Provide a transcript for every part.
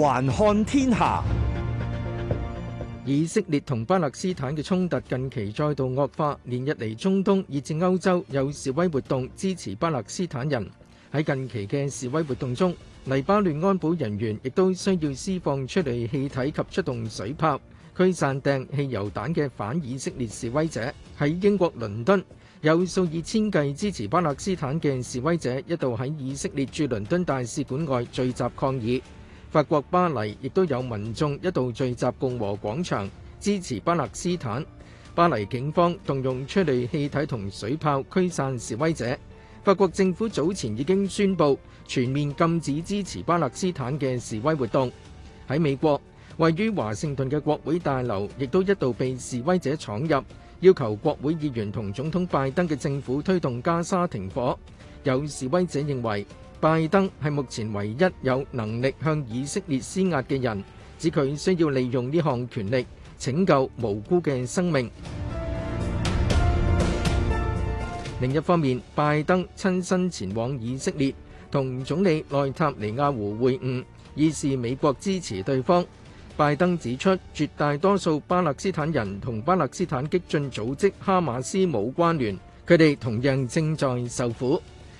環看天下，以色列同巴勒斯坦嘅衝突近期再度惡化，連日嚟，中東以至歐洲有示威活動支持巴勒斯坦人。喺近期嘅示威活動中，黎巴嫩安保人員亦都需要釋放出嚟氣體及出動水炮驅散掟汽油彈嘅反以色列示威者。喺英國倫敦，有數以千計支持巴勒斯坦嘅示威者一度喺以色列駐倫敦大使館外聚集抗議。法國巴黎亦都有民眾一度聚集共和廣場支持巴勒斯坦，巴黎警方動用催淚氣體同水炮驅散示威者。法國政府早前已經宣布全面禁止支持巴勒斯坦嘅示威活動。喺美國，位於華盛頓嘅國會大樓亦都一度被示威者闖入，要求國會議員同總統拜登嘅政府推動加沙停火。有示威者認為，拜登係目前唯一有能力向以色列施壓嘅人，指佢需要利用呢項權力拯救無辜嘅生命。另一方面，拜登親身前往以色列同總理內塔尼亞胡會晤，以示美國支持對方。拜登指出，絕大多數巴勒斯坦人同巴勒斯坦激進組織哈馬斯冇關聯，佢哋同樣正在受苦。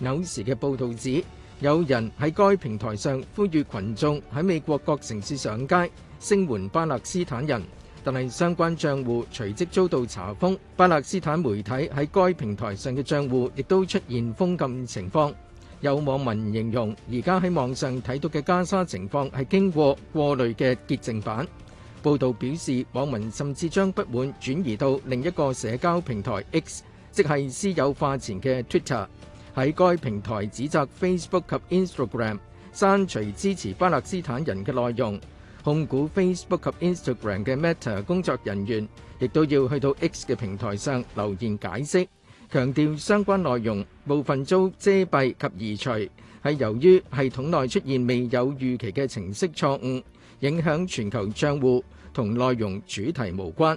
有時嘅報道指有人喺該平台上呼籲羣眾喺美國各城市上街聲援巴勒斯坦人，但係相關帳戶隨即遭到查封。巴勒斯坦媒體喺該平台上嘅帳戶亦都出現封禁情況。有網民形容而家喺網上睇到嘅加沙情況係經過過濾嘅潔淨版。報道表示，網民甚至將不滿轉移到另一個社交平台 X，即係私有化前嘅 Twitter。喺該平台指責 Facebook 及 Instagram 刪除支持巴勒斯坦人嘅內容，控股 Facebook 及 Instagram 嘅 Meta 工作人員亦都要去到 X 嘅平台上留言解釋，強調相關內容部分遭遮蔽及移除係由於系統內出現未有預期嘅程式錯誤，影響全球帳戶，同內容主題無關。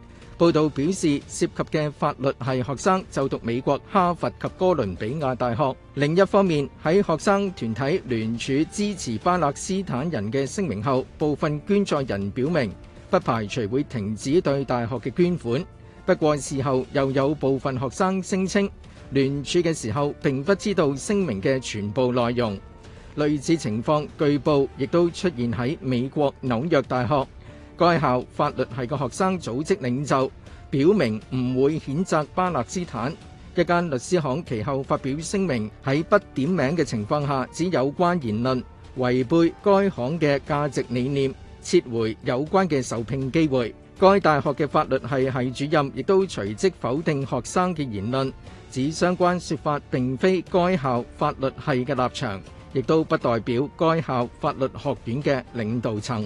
報道表示，涉及的法律是學生走到美國哈佛及哥倫比亞大學。另一方面，在學生團體聯祖支持巴勒斯坦人的聲明後，部分捐贈人表明，不排除會停止對大學的捐款，不過時候又有部分學生聲稱，聯祖的時候並不知道聲明的全部內容。類似情況據報亦都出現在美國紐約大學。該校法律系嘅學生組織領袖，表明唔會譴責巴勒斯坦。一間律師行其後發表聲明，喺不點名嘅情況下指有關言論違背該行嘅價值理念，撤回有關嘅受聘機會。該大學嘅法律系系主任亦都隨即否定學生嘅言論，指相關說法並非該校法律系嘅立場，亦都不代表該校法律學院嘅領導層。